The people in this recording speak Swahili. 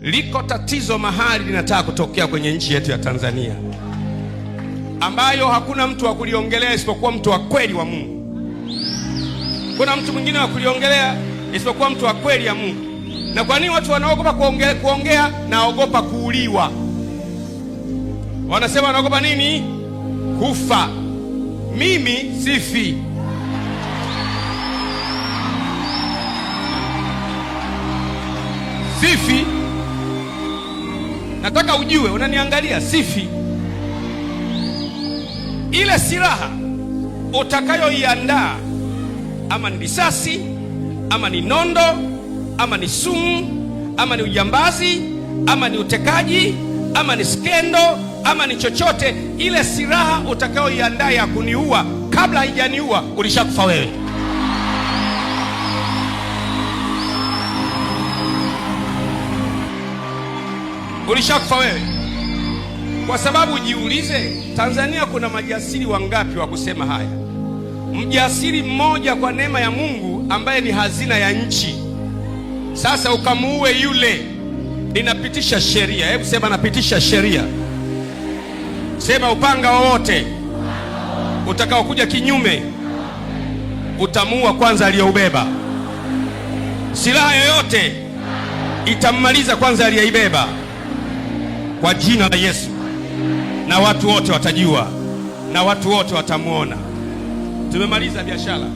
Liko tatizo mahali linataka kutokea kwenye nchi yetu ya Tanzania, ambayo hakuna mtu wa kuliongelea isipokuwa mtu wa kweli wa Mungu. Kuna mtu mwingine wa kuliongelea isipokuwa mtu wa kweli ya Mungu. Na kwa nini watu wanaogopa kuongea, kuongea naogopa kuuliwa? Wanasema wanaogopa nini? Kufa. Mimi sifi. Sifi. Nataka ujue unaniangalia, sifi. Ile silaha utakayoiandaa ama ni risasi ama ni nondo ama ni sumu ama ni ujambazi ama ni utekaji ama ni skendo ama ni chochote, ile silaha utakayoiandaa ya kuniua kabla haijaniua, ulishakufa wewe. ulishakufa wewe. Kwa sababu jiulize, Tanzania kuna majasiri wangapi wa kusema haya? Mjasiri mmoja kwa neema ya Mungu ambaye ni hazina ya nchi. Sasa ukamuue yule, ninapitisha sheria. Hebu sema napitisha sheria, sema upanga wowote utakaokuja kinyume utamuua kwanza aliyoubeba. Silaha yoyote itammaliza kwanza aliyeibeba kwa jina la Yesu, na watu wote watajua na watu wote watamwona. Tumemaliza biashara.